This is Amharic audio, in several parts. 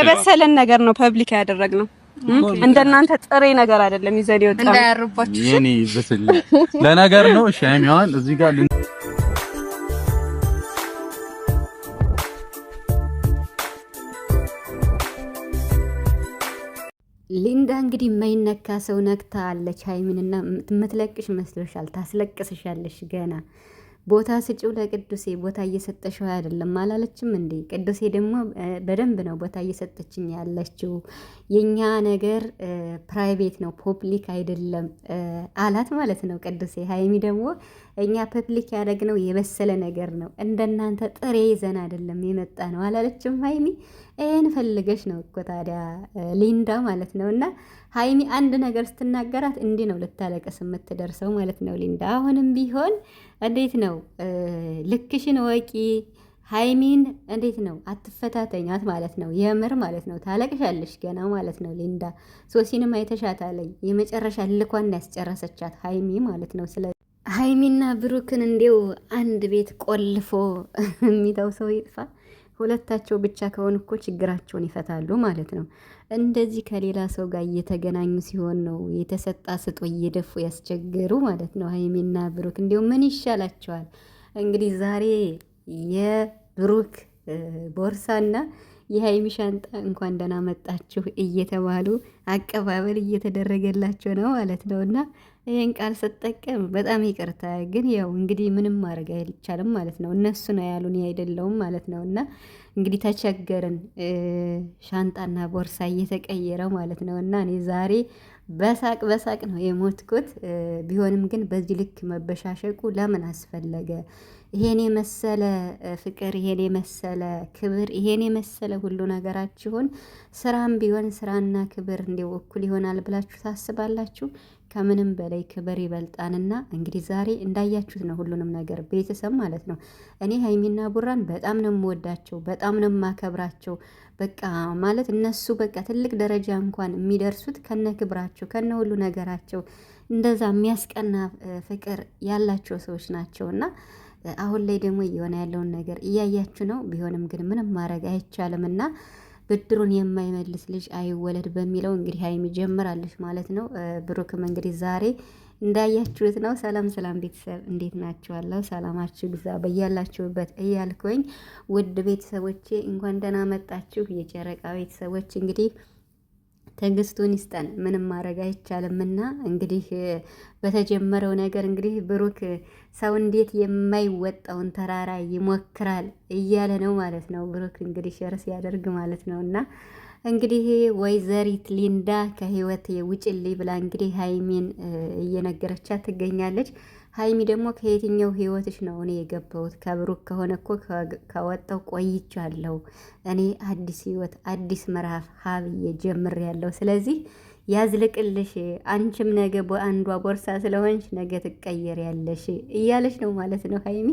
የበሰለን ነገር ነው ፐብሊክ ያደረግ ነው። እንደናንተ ጥሬ ነገር አይደለም። ይዘን ይወጣል ለነገር ነው። እሺ አይሚዋን እዚህ ጋር ሊንዳ እንግዲህ የማይነካ ሰው ነክታ አለች። ሃይሚንና የምትለቅሽ መስሎሻል? ታስለቅስሻለሽ ገና ቦታ ስጪው ለቅዱሴ ቦታ እየሰጠሽው አይደለም አላለችም እንዴ? ቅዱሴ ደግሞ በደንብ ነው ቦታ እየሰጠችኝ ያለችው። የኛ ነገር ፕራይቬት ነው ፖፕሊክ አይደለም አላት ማለት ነው ቅዱሴ። ሀይሚ ደግሞ እኛ ፐብሊክ ያደረግነው የበሰለ ነገር ነው እንደናንተ ጥሬ ይዘን አይደለም የመጣ ነው አላለችም ሀይሚ ይህን ፈልገሽ ነው እኮ ታዲያ ሊንዳ ማለት ነው። እና ሀይሚ አንድ ነገር ስትናገራት እንዲህ ነው ልታለቀስ የምትደርሰው ማለት ነው ሊንዳ። አሁንም ቢሆን እንዴት ነው ልክሽን ወቂ ሀይሚን እንዴት ነው አትፈታተኛት ማለት ነው። የምር ማለት ነው ታለቅሻለሽ ገና ማለት ነው ሊንዳ። ሶሲንም አይተሻታለኝ የመጨረሻ ልኳን ያስጨረሰቻት ሀይሚ ማለት ነው። ስለ ሀይሚና ብሩክን እንዲው አንድ ቤት ቆልፎ የሚተው ሰው ይጥፋ። ሁለታቸው ብቻ ከሆኑ እኮ ችግራቸውን ይፈታሉ ማለት ነው። እንደዚህ ከሌላ ሰው ጋር እየተገናኙ ሲሆን ነው የተሰጣ ስጦ እየደፉ ያስቸገሩ ማለት ነው። ሀይሚና ብሩክ እንዲሁም ምን ይሻላቸዋል? እንግዲህ ዛሬ የብሩክ ቦርሳና የሀይሚ ሻንጣ እንኳን ደህና መጣችሁ እየተባሉ አቀባበል እየተደረገላቸው ነው ማለት ነው እና ይህን ቃል ስጠቀም በጣም ይቅርታ። ግን ያው እንግዲህ ምንም ማድረግ አይቻልም ማለት ነው። እነሱ ነው ያሉን አይደለውም ማለት ነው። እና እንግዲህ ተቸገርን፣ ሻንጣና ቦርሳ እየተቀየረ ማለት ነው። እና እኔ ዛሬ በሳቅ በሳቅ ነው የሞትኩት። ቢሆንም ግን በዚህ ልክ መበሻሸቁ ለምን አስፈለገ? ይሄን የመሰለ ፍቅር፣ ይሄን የመሰለ ክብር፣ ይሄን የመሰለ ሁሉ ነገራችሁን ስራም ቢሆን ስራና ክብር እንዲው እኩል ይሆናል ብላችሁ ታስባላችሁ? ከምንም በላይ ክብር ይበልጣንና እንግዲህ ዛሬ እንዳያችሁት ነው ሁሉንም ነገር ቤተሰብ ማለት ነው። እኔ ሀይሚና ቡራን በጣም ነው የምወዳቸው፣ በጣም ነው የማከብራቸው። በቃ ማለት እነሱ በቃ ትልቅ ደረጃ እንኳን የሚደርሱት ከነ ክብራቸው ከነ ሁሉ ነገራቸው እንደዛ የሚያስቀና ፍቅር ያላቸው ሰዎች ናቸውና አሁን ላይ ደግሞ እየሆነ ያለውን ነገር እያያችሁ ነው። ቢሆንም ግን ምንም ማድረግ አይቻልም እና ብድሩን የማይመልስ ልጅ አይወለድ በሚለው እንግዲህ ሀይሚ ጀምራለች ማለት ነው። ብሩክም እንግዲህ ዛሬ እንዳያችሁት ነው። ሰላም ሰላም ቤተሰብ እንዴት ናችኋለሁ? ሰላማችሁ ግዛ በያላችሁበት እያልኩኝ ውድ ቤተሰቦቼ እንኳን ደህና መጣችሁ። የጨረቃ ቤተሰቦች እንግዲህ ትዕግስቱን ይስጠን። ምንም ማድረግ አይቻልምና እንግዲህ በተጀመረው ነገር እንግዲህ ብሩክ ሰው እንዴት የማይወጣውን ተራራ ይሞክራል እያለ ነው ማለት ነው። ብሩክ እንግዲህ ሸርስ ያደርግ ማለት ነው እና እንግዲህ ወይዘሪት ሊንዳ ከህይወት ውጭልኝ ብላ እንግዲህ ሀይሚን እየነገረቻት ትገኛለች። ሀይሚ ደግሞ ከየትኛው ህይወትሽ ነው እኔ የገባሁት? ከብሩክ ከሆነ እኮ ከወጣው ቆይቻለሁ። እኔ አዲስ ህይወት አዲስ ምዕራፍ ሀብዬ ያለው ስለዚህ ያዝልቅልሽ አንቺም ነገ በአንዷ ቦርሳ ስለሆንሽ ነገ ያለሽ እያለች ነው ማለት ነው ሀይሚ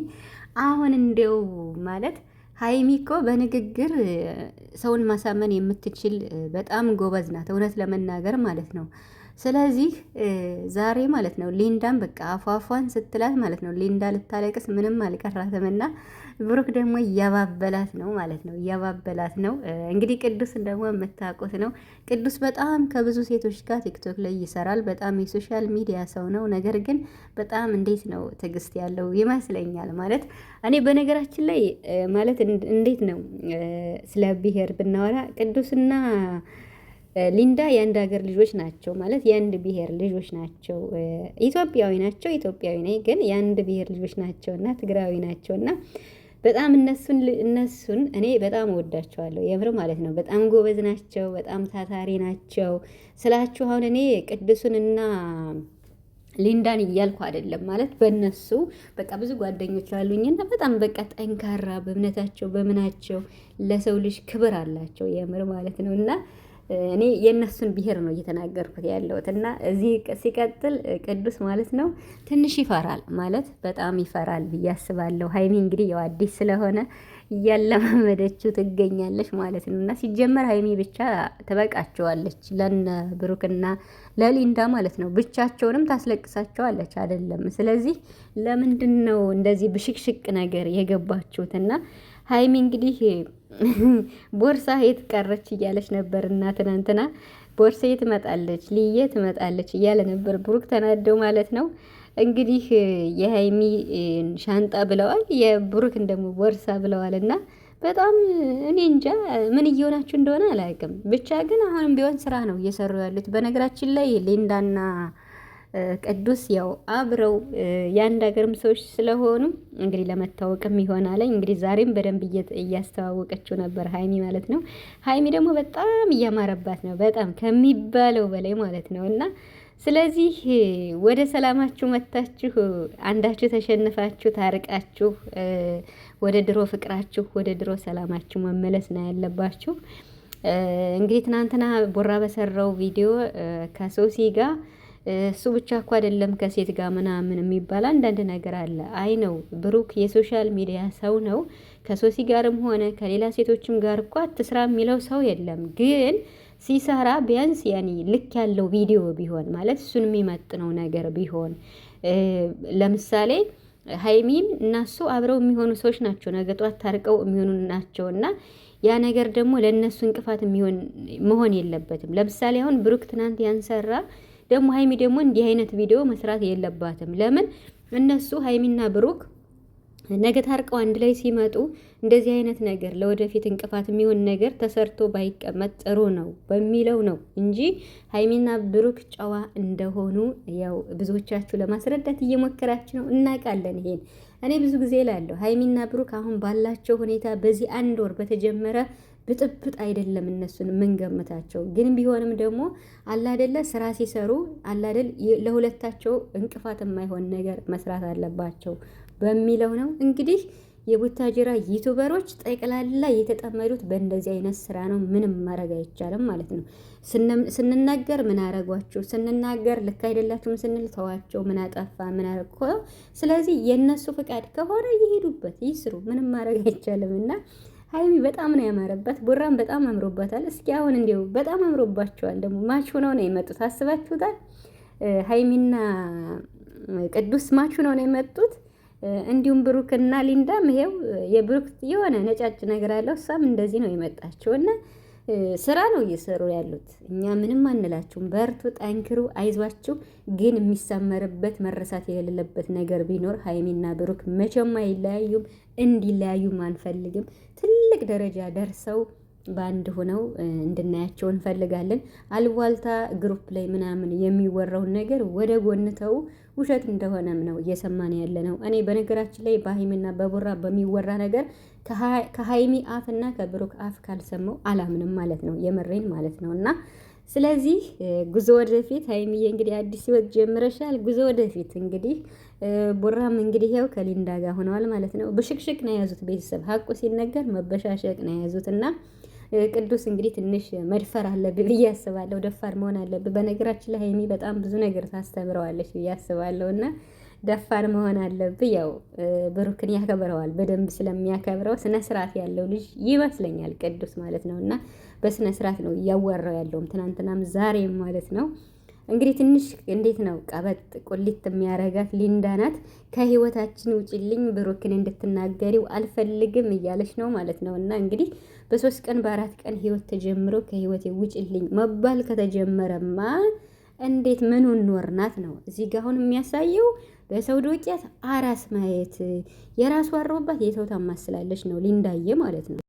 አሁን እንደው ማለት ሀይሚ እኮ በንግግር ሰውን ማሳመን የምትችል በጣም ጎበዝ ናት፣ እውነት ለመናገር ማለት ነው። ስለዚህ ዛሬ ማለት ነው ሊንዳን በቃ አፏፏን ስትላት ማለት ነው ሊንዳ ልታለቅስ ምንም እና ብሩክ ደግሞ እያባበላት ነው ማለት ነው እያባበላት ነው። እንግዲህ ቅዱስን ደግሞ የምታውቁት ነው። ቅዱስ በጣም ከብዙ ሴቶች ጋር ቲክቶክ ላይ ይሰራል። በጣም የሶሻል ሚዲያ ሰው ነው። ነገር ግን በጣም እንዴት ነው ትዕግስት ያለው ይመስለኛል። ማለት እኔ በነገራችን ላይ ማለት እንዴት ነው ስለ ብሔር ብናወራ ቅዱስና ሊንዳ የአንድ ሀገር ልጆች ናቸው ማለት የአንድ ብሔር ልጆች ናቸው። ኢትዮጵያዊ ናቸው፣ ኢትዮጵያዊ ነኝ፣ ግን የአንድ ብሔር ልጆች ናቸው እና ትግራዊ ናቸው እና በጣም እነሱን እነሱን እኔ በጣም እወዳቸዋለሁ የምር ማለት ነው። በጣም ጎበዝ ናቸው፣ በጣም ታታሪ ናቸው ስላችሁ አሁን እኔ እና ሊንዳን እያልኩ አይደለም ማለት በእነሱ በቃ ብዙ ጓደኞች አሉኝና በጣም በቃ ጠንካራ በእምነታቸው በምናቸው ለሰው ልጅ ክብር አላቸው የምር ማለት ነው እና እኔ የእነሱን ብሔር ነው እየተናገርኩት ያለሁት እና እዚህ ሲቀጥል ቅዱስ ማለት ነው ትንሽ ይፈራል ማለት በጣም ይፈራል ብዬ አስባለሁ። ሀይሚ እንግዲህ ያው አዲስ ስለሆነ እያለማመደችው ትገኛለች ማለት ነው እና ሲጀመር ሀይሚ ብቻ ትበቃቸዋለች ለነ ብሩክና ለሊንዳ ማለት ነው። ብቻቸውንም ታስለቅሳቸዋለች አይደለም። ስለዚህ ለምንድን ነው እንደዚህ ብሽቅሽቅ ነገር የገባችሁትና ሀይሚ እንግዲህ ቦርሳ የት ቀረች እያለች ነበር እና ትናንትና ቦርሳ ትመጣለች ልየ ትመጣለች እያለ ነበር ብሩክ ተናደው ማለት ነው። እንግዲህ የሀይሚ ሻንጣ ብለዋል፣ የብሩክን ደግሞ ቦርሳ ብለዋል እና በጣም እኔ እንጃ ምን እየሆናችሁ እንደሆነ አላውቅም። ብቻ ግን አሁንም ቢሆን ስራ ነው እየሰሩ ያሉት። በነገራችን ላይ ሊንዳና ቅዱስ ያው አብረው የአንድ ሀገርም ሰዎች ስለሆኑ እንግዲህ ለመታወቅም ይሆናለኝ። እንግዲህ ዛሬም በደንብ እያስተዋወቀችው ነበር ሀይሚ ማለት ነው። ሀይሚ ደግሞ በጣም እያማረባት ነው፣ በጣም ከሚባለው በላይ ማለት ነው። እና ስለዚህ ወደ ሰላማችሁ መታችሁ፣ አንዳችሁ ተሸንፋችሁ ታርቃችሁ፣ ወደ ድሮ ፍቅራችሁ፣ ወደ ድሮ ሰላማችሁ መመለስ ነው ያለባችሁ። እንግዲህ ትናንትና ቦራ በሰራው ቪዲዮ ከሶሲ ጋር እሱ ብቻ እኮ አይደለም ከሴት ጋር ምናምን የሚባል አንዳንድ ነገር አለ። አይ ነው ብሩክ የሶሻል ሚዲያ ሰው ነው። ከሶሲ ጋርም ሆነ ከሌላ ሴቶችም ጋር እኮ አትስራ የሚለው ሰው የለም ግን ሲሰራ ቢያንስ ያኔ ልክ ያለው ቪዲዮ ቢሆን ማለት እሱን የሚመጥነው ነገር ቢሆን ለምሳሌ ሀይሚም እናሱ አብረው የሚሆኑ ሰዎች ናቸው። ነገ ጧት ታርቀው የሚሆኑ ናቸው እና ያ ነገር ደግሞ ለእነሱ እንቅፋት መሆን የለበትም። ለምሳሌ አሁን ብሩክ ትናንት ያንሰራ ደግሞ ሀይሚ ደግሞ እንዲህ አይነት ቪዲዮ መስራት የለባትም። ለምን እነሱ ሀይሚና ብሩክ ነገ ታርቀው አንድ ላይ ሲመጡ እንደዚህ አይነት ነገር ለወደፊት እንቅፋት የሚሆን ነገር ተሰርቶ ባይቀመጥ ጥሩ ነው በሚለው ነው እንጂ ሀይሚና ብሩክ ጨዋ እንደሆኑ ያው ብዙዎቻችሁ ለማስረዳት እየሞከራችሁ ነው፣ እናውቃለን ይሄን እኔ ብዙ ጊዜ ላለሁ ሀይሚና ብሩክ አሁን ባላቸው ሁኔታ በዚህ አንድ ወር በተጀመረ ብጥብጥ አይደለም እነሱን የምንገምታቸው። ግን ቢሆንም ደግሞ አላደለ ስራ ሲሰሩ አላደል ለሁለታቸው እንቅፋት የማይሆን ነገር መስራት አለባቸው በሚለው ነው እንግዲህ የቡታጅራ ዩቱበሮች ጠቅላላ የተጠመዱት በእንደዚህ አይነት ስራ ነው። ምንም ማድረግ አይቻልም ማለት ነው። ስንናገር ምን አረጓችሁ፣ ስንናገር ልክ አይደላችሁም ስንል ተዋቸው፣ ምን አጠፋ፣ ምን አረግ። ስለዚህ የእነሱ ፍቃድ ከሆነ ይሄዱበት፣ ይስሩ፣ ምንም ማድረግ አይቻልም እና ሀይሚ በጣም ነው ያማረባት፣ ቡራም በጣም አምሮባታል። እስኪ አሁን እንዲሁ በጣም አምሮባቸዋል። ደግሞ ማች ሆነው ነው የመጡት። አስባችሁታል? ሀይሚና ቅዱስ ማች ሆነው ነው የመጡት። እንዲሁም ብሩክ እና ሊንዳም ይሄው የብሩክ የሆነ ነጫጭ ነገር አለው። እሷም እንደዚህ ነው የመጣችው እና ስራ ነው እየሰሩ ያሉት። እኛ ምንም አንላችሁም፣ በርቱ፣ ጠንክሩ፣ አይዟችሁ። ግን የሚሰመርበት መረሳት የሌለበት ነገር ቢኖር ሀይሚና ብሩክ መቼም አይለያዩም፣ እንዲለያዩም አንፈልግም። ትልቅ ደረጃ ደርሰው በአንድ ሆነው እንድናያቸው እንፈልጋለን። አልዋልታ ግሩፕ ላይ ምናምን የሚወራውን ነገር ወደ ጎን ተው፣ ውሸት እንደሆነም ነው እየሰማን ያለ ነው። እኔ በነገራችን ላይ በሀይሚና በቡራ በሚወራ ነገር ከሀይሚ አፍ አፍና ከብሩክ አፍ ካልሰማው አላምንም ማለት ነው፣ የመሬን ማለት ነው እና ስለዚህ ጉዞ ወደፊት ሀይሚዬ እንግዲህ አዲስ ህይወት ጀምረሻል። ጉዞ ወደፊት እንግዲህ ቡራም እንግዲህ ያው ከሊንዳ ጋር ሆነዋል ማለት ነው። ብሽቅሽቅ ነው የያዙት ቤተሰብ ሀቁ ሲነገር መበሻሸቅ ነው የያዙት እና ቅዱስ እንግዲህ ትንሽ መድፈር አለብህ ብዬ አስባለሁ። ደፋር መሆን አለብህ። በነገራችን ላይ ሀይሚ በጣም ብዙ ነገር ታስተምረዋለች ብዬ አስባለሁ እና ደፋር መሆን አለብህ። ያው ብሩክን ያከብረዋል በደንብ ስለሚያከብረው ስነ ስርዓት ያለው ልጅ ይመስለኛል ቅዱስ ማለት ነው እና በስነ ስርዓት ነው እያወራው ያለውም ትናንትናም ዛሬም ማለት ነው። እንግዲህ ትንሽ እንዴት ነው ቀበጥ ቁሊት የሚያረጋት ሊንዳ ናት። ከህይወታችን ውጭልኝ ብሩክን እንድትናገሪው አልፈልግም እያለች ነው ማለት ነው። እና እንግዲህ በሶስት ቀን በአራት ቀን ህይወት ተጀምሮ ከህይወቴ ውጭልኝ መባል ከተጀመረማ እንዴት ምን ኖር ናት ነው እዚህ ጋ አሁን የሚያሳየው በሰው ዶቄት አራስ ማየት የራሱ አሮባት የሰው ታማስላለች ነው ሊንዳዬ ማለት ነው።